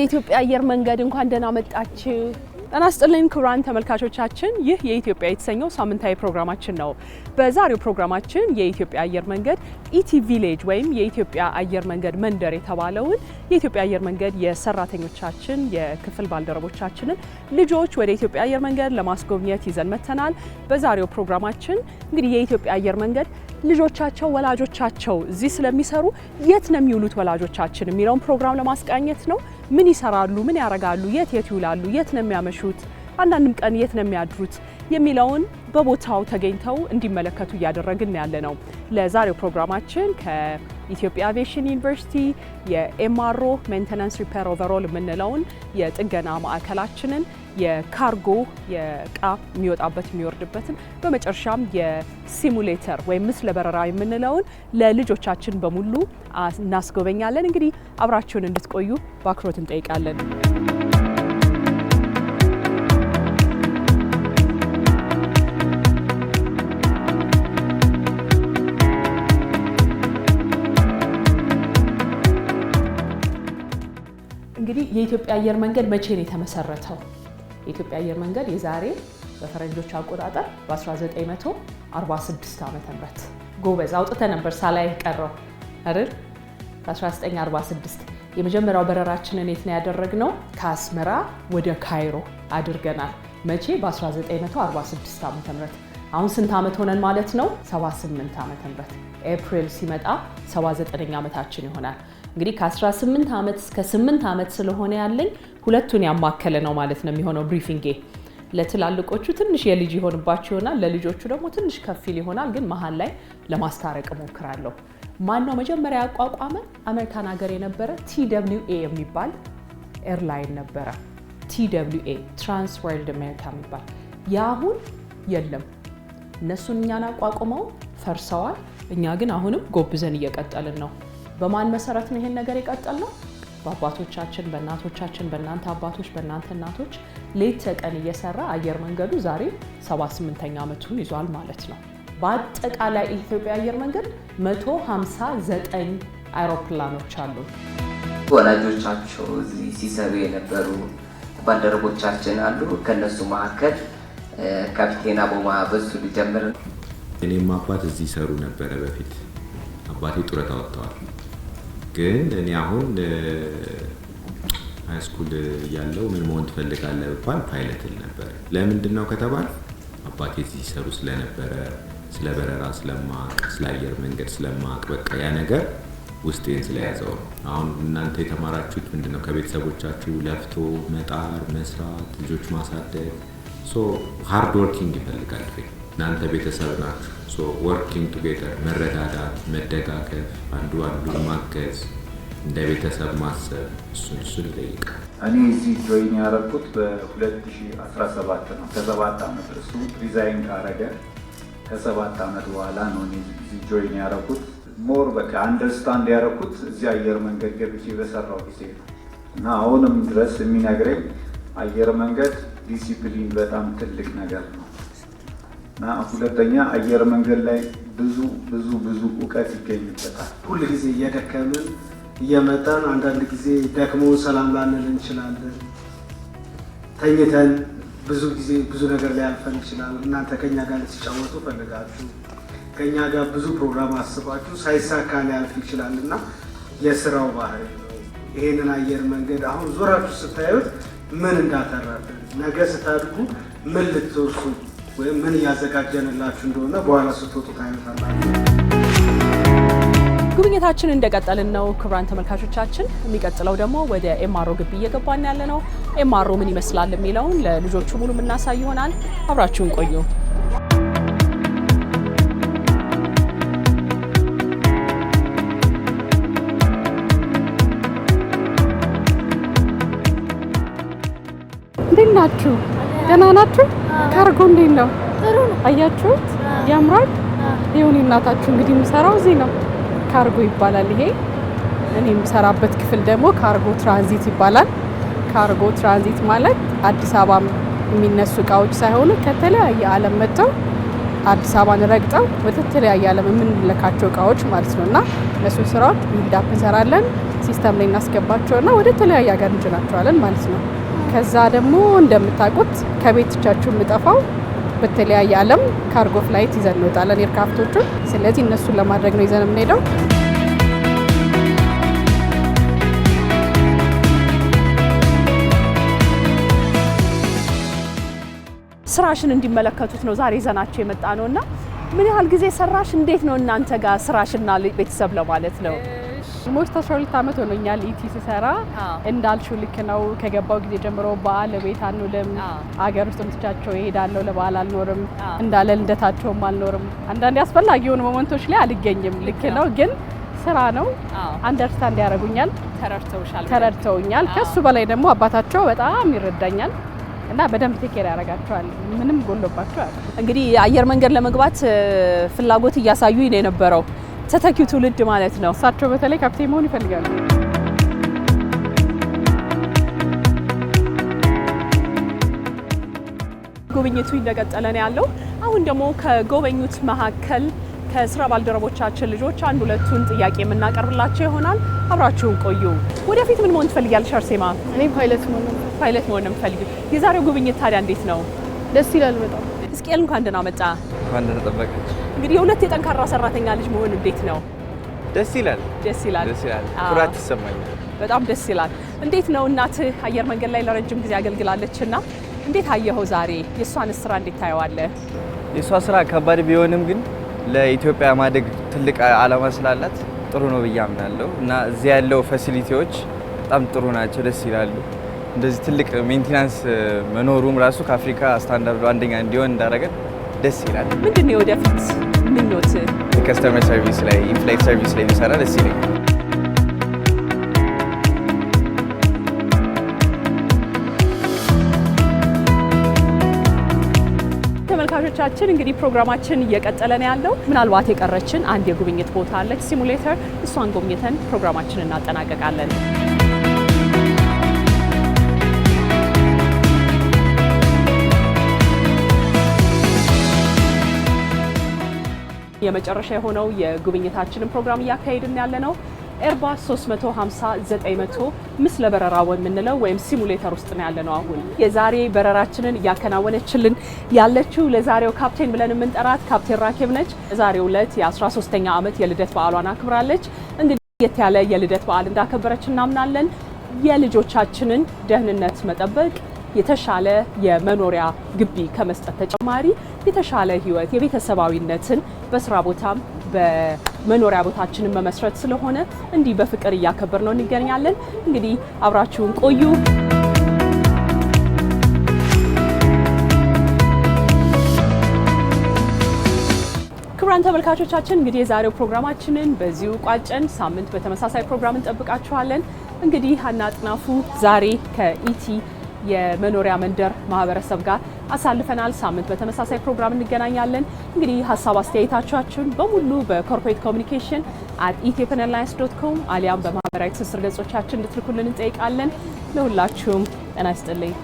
የኢትዮጵያ አየር መንገድ እንኳን ደህና መጣችሁ። ጤና ይስጥልኝ ክቡራን ተመልካቾቻችን፣ ይህ የኢትዮጵያ የተሰኘው ሳምንታዊ ፕሮግራማችን ነው። በዛሬው ፕሮግራማችን የኢትዮጵያ አየር መንገድ ኢቲ e ቪሌጅ ወይም የኢትዮጵያ አየር መንገድ መንደር የተባለውን የኢትዮጵያ አየር መንገድ የሰራተኞቻችን የክፍል ባልደረቦቻችንን ልጆች ወደ ኢትዮጵያ አየር መንገድ ለማስጎብኘት ይዘን መጥተናል። በዛሬው ፕሮግራማችን እንግዲህ የኢትዮጵያ አየር መንገድ ልጆቻቸው ወላጆቻቸው እዚህ ስለሚሰሩ የት ነው የሚውሉት ወላጆቻችን የሚለውን ፕሮግራም ለማስቃኘት ነው። ምን ይሰራሉ? ምን ያረጋሉ? የት የት ይውላሉ? የት ነው የሚያመሹት? አንዳንድም ቀን የት ነው የሚያድሩት የሚለውን በቦታው ተገኝተው እንዲመለከቱ እያደረግን ያለ ነው። ለዛሬው ፕሮግራማችን ኢትዮጵያ አቪዬሽን ዩኒቨርሲቲ የኤምአሮ ሜንቴናንስ ሪፐር ኦቨሮል የምንለውን የጥገና ማዕከላችንን የካርጎ የእቃ የሚወጣበት የሚወርድበትን፣ በመጨረሻም የሲሙሌተር ወይም ምስለ በረራ የምንለውን ለልጆቻችን በሙሉ እናስጎበኛለን። እንግዲህ አብራችሁን እንድትቆዩ በአክብሮት እንጠይቃለን። እንግዲህ የኢትዮጵያ አየር መንገድ መቼ ነው የተመሰረተው? የኢትዮጵያ አየር መንገድ የዛሬ በፈረንጆች አቆጣጠር በ1946 ዓ ም ጎበዝ አውጥተ ነበር ሳላይ ቀረው አይደል? በ1946 የመጀመሪያው በረራችንን የት ነው ያደረግነው? ከአስመራ ወደ ካይሮ አድርገናል። መቼ? በ1946 ዓ ም አሁን ስንት ዓመት ሆነን ማለት ነው? 78 ዓ ም ኤፕሪል ሲመጣ 79 ዓመታችን ይሆናል። እንግዲህ ከ18 ዓመት እስከ 8 ዓመት ስለሆነ ያለኝ ሁለቱን ያማከለ ነው ማለት ነው የሚሆነው ብሪፊንጌ። ለትላልቆቹ ትንሽ የልጅ ይሆንባቸው ይሆናል፣ ለልጆቹ ደግሞ ትንሽ ከፊል ይሆናል። ግን መሀል ላይ ለማስታረቅ እሞክራለሁ። ማነው መጀመሪያ ያቋቋመ? አሜሪካን ሀገር የነበረ ቲደብሊውኤ የሚባል ኤርላይን ነበረ። ቲደብሊውኤ ትራንስ ወርልድ አሜሪካ የሚባል የአሁን የለም። እነሱን እኛን አቋቁመው ፈርሰዋል። እኛ ግን አሁንም ጎብዘን እየቀጠልን ነው። በማን መሰረት ነው ይሄን ነገር የቀጠልነው? በአባቶቻችን በእናቶቻችን፣ በእናንተ አባቶች፣ በእናንተ እናቶች ሌት ተቀን እየሰራ አየር መንገዱ ዛሬ 78ኛ ዓመቱን ይዟል ማለት ነው። በአጠቃላይ የኢትዮጵያ አየር መንገድ 159 አይሮፕላኖች አሉ። ወላጆቻቸው እዚህ ሲሰሩ የነበሩ ባልደረቦቻችን አሉ። ከነሱ መካከል ካፒቴን አቦማ በሱ ሊጀምር። እኔም አባት እዚህ ይሰሩ ነበረ በፊት አባቴ ጡረታ ወጥተዋል። ግን እኔ አሁን ሃይስኩል እያለሁ ምን መሆን ትፈልጋለህ ብባል ፓይለትል ነበር። ለምንድን ነው አባቴ እዚህ ይሰሩ ስለነበረ ስለ በረራ ስለማቅ ስለ አየር መንገድ ስለማቅ በቃ ያ ነገር ውስጤን ስለያዘው ነው። አሁን እናንተ የተማራችሁት ምንድን ነው? ከቤተሰቦቻችሁ ለፍቶ መጣር፣ መስራት፣ ልጆች ማሳደግ ሶ ሃርድ ወርኪንግ ይፈልጋል። እናንተ ቤተሰብ ናት። ሶ ወርኪንግ ቱጌደር መረዳዳት፣ መደጋገፍ፣ አንዱ አንዱ ማገዝ፣ እንደ ቤተሰብ ማሰብ እሱን እሱን ይጠይቃል። እኔ እዚህ ጆይን ያደረኩት በ2017 ነው። ከሰባት ዓመት እሱ ሪዛይን ካረገ ከሰባት ዓመት በኋላ ነው እኔ እዚህ ጆይን ያደረኩት። ሞር በቃ አንደርስታንድ ያደረኩት እዚህ አየር መንገድ ገብቼ በሰራው ጊዜ ነው እና አሁንም ድረስ የሚነግረኝ አየር መንገድ ዲሲፕሊን በጣም ትልቅ ነገር ነው ሁለተኛ አየር መንገድ ላይ ብዙ ብዙ ብዙ እውቀት ይገኝበታል። ሁል ጊዜ እየደከምን እየመጣን አንዳንድ ጊዜ ደክሞ ሰላም ላንል እንችላለን። ተኝተን ብዙ ጊዜ ብዙ ነገር ላይ ይችላል። እናንተ ከኛ ጋር ልትጫወቱ ፈልጋችሁ ከኛ ጋር ብዙ ፕሮግራም አስባችሁ ሳይሳካ ሊያልፍ ይችላል እና የስራው ባህሪ ነው። ይሄንን አየር መንገድ አሁን ዞራችሁ ስታዩት ምን እንዳተረፍን ነገ ስታድጉ ምን ልትወርሱ ወይም ምን እያዘጋጀንላችሁ እንደሆነ በኋላ ስትወጡ ጉብኝታችን እንደቀጠልን ነው። ክቡራን ተመልካቾቻችን፣ የሚቀጥለው ደግሞ ወደ ኤማሮ ግቢ እየገባን ያለ ነው። ኤማሮ ምን ይመስላል የሚለውን ለልጆቹ ሙሉ የምናሳይ ይሆናል። አብራችሁን ቆዩ። እንዴት ናችሁ? ደህና ናችሁ? ካርጎ እንዴት ነው? አያችሁት? ያምራል። ይሁን እናታችሁ እንግዲህ የምሰራው እዚህ ነው። ካርጎ ይባላል ይሄ። እኔ የምሰራበት ክፍል ደግሞ ካርጎ ትራንዚት ይባላል። ካርጎ ትራንዚት ማለት አዲስ አበባ የሚነሱ እቃዎች ሳይሆኑ ከተለያየ ዓለም መጥተው አዲስ አበባን ረግጠው ወደ ተለያየ ዓለም የምንለካቸው እቃዎች ማለት ነው እና እነሱ ስራዎች ሚዳፕ እንሰራለን። ሲስተም ላይ እናስገባቸውና ወደ ተለያየ ሀገር እንጭናቸዋለን ማለት ነው። ከዛ ደግሞ እንደምታውቁት ከቤቶቻችሁ የምጠፋው በተለያየ ዓለም ካርጎ ፍላይት ይዘን እንወጣለን ኤርክራፍቶቹን። ስለዚህ እነሱን ለማድረግ ነው ይዘን የምንሄደው። ስራሽን እንዲመለከቱት ነው ዛሬ ይዘናቸው የመጣ ነው እና ምን ያህል ጊዜ ሰራሽ? እንዴት ነው እናንተ ጋር ስራሽና ቤተሰብ ለማለት ነው ሞስት 12 ዓመት ሆኖኛል ኢቲ ስሰራ። እንዳልሽው ልክ ነው። ከገባው ጊዜ ጀምሮ በዓል ቤት አንውልም። አገር ውስጥ ምትቻቸው ይሄዳለው ለበዓል አልኖርም እንዳለ ልደታቸውም አልኖርም። አንዳንዴ አስፈላጊ የሆኑ ሞመንቶች ላይ አልገኝም። ልክ ነው ግን ስራ ነው። አንደርስታንድ ያደርጉኛል፣ ተረድተውኛል። ከሱ በላይ ደግሞ አባታቸው በጣም ይረዳኛል እና በደንብ ቴኬር ያደርጋቸዋል። ምንም ጎሎባቸው እንግዲህ አየር መንገድ ለመግባት ፍላጎት እያሳዩ ነው የነበረው ተተኪው ትውልድ ማለት ነው። እሳቸው በተለይ ካፕቴን መሆን ይፈልጋሉ። ጉብኝቱ እንደቀጠለ ነው ያለው። አሁን ደግሞ ከጎበኙት መካከል ከስራ ባልደረቦቻችን ልጆች አንድ ሁለቱን ጥያቄ የምናቀርብላቸው ይሆናል። አብራችሁን ቆዩ። ወደፊት ምን መሆን ትፈልጊያለሽ አርሴማ? እኔ ፓይለት መሆን ፓይለት መሆን ነው የምፈልጊው። የዛሬው ጉብኝት ታዲያ እንዴት ነው? ደስ ይላል በጣም። እስቄል እንኳን ደህና መጣ። እንኳን ደህና ጠበቀች። እንግዲህ የሁለት የጠንካራ ሰራተኛ ልጅ መሆን እንዴት ነው? ደስ ይላል። ደስ ይላል። ደስ ይላል። ኩራት ይሰማኛል። በጣም ደስ ይላል። እንዴት ነው እናትህ አየር መንገድ ላይ ለረጅም ጊዜ አገልግላለች እና እንዴት አየኸው ዛሬ? የእሷን ስራ እንዴት ታየዋለህ? የእሷ ስራ ከባድ ቢሆንም ግን ለኢትዮጵያ ማደግ ትልቅ አላማ ስላላት ጥሩ ነው ብዬ አምናለሁ እና እዚያ ያለው ፋሲሊቲዎች በጣም ጥሩ ናቸው፣ ደስ ይላሉ። እንደዚህ ትልቅ ሜንቴናንስ መኖሩም ራሱ ከአፍሪካ ስታንዳርዱ አንደኛ እንዲሆን እንዳረገን። ደስ ይላል። ምንድን ነው ወደፊት ምኞት? የከስተመር ሰርቪስ ላይ ኢንፍላይት ሰርቪስ ላይ ቢሰራ ደስ ይለኛል። ተመልካቾቻችን እንግዲህ ፕሮግራማችን እየቀጠለ ነው ያለው። ምናልባት የቀረችን አንድ የጉብኝት ቦታ አለች ሲሙሌተር፣ እሷን ጎብኝተን ፕሮግራማችን እናጠናቀቃለን። የመጨረሻ የሆነው የጉብኝታችንን ፕሮግራም እያካሄድን ያለ ነው። ኤርባስ 350 900 ምስለ በረራ የምንለው ወይም ሲሙሌተር ውስጥ ነው ነው። አሁን የዛሬ በረራችንን እያከናወነችልን ያለችው ለዛሬው ካፕቴን ብለን የምንጠራት ካፕቴን ራኬብ ነች። ዛሬው ዕለት የ13ኛ ዓመት የልደት በዓሏን አክብራለች። እንግዲህ የት ያለ የልደት በዓል እንዳከበረች እናምናለን። የልጆቻችንን ደህንነት መጠበቅ የተሻለ የመኖሪያ ግቢ ከመስጠት ተጨማሪ የተሻለ ህይወት የቤተሰባዊነትን በስራ ቦታም በመኖሪያ ቦታችንን መመስረት ስለሆነ እንዲህ በፍቅር እያከበር ነው እንገኛለን። እንግዲህ አብራችሁን ቆዩ። ክቡራን ተመልካቾቻችን እንግዲህ የዛሬው ፕሮግራማችንን በዚሁ ቋጨን። ሳምንት በተመሳሳይ ፕሮግራም እንጠብቃችኋለን። እንግዲህ ሀና አጥናፉ ዛሬ ከኢቲ የመኖሪያ መንደር ማህበረሰብ ጋር አሳልፈናል። ሳምንት በተመሳሳይ ፕሮግራም እንገናኛለን። እንግዲህ ሀሳብ አስተያየታችሁን በሙሉ በኮርፖሬት ኮሚኒኬሽን አት ኢትዮጵያን ኤርላይንስ ዶት ኮም አሊያም በማህበራዊ ትስስር ገጾቻችን እንድትልኩልን እንጠይቃለን። ለሁላችሁም ጤና ይስጥልኝ።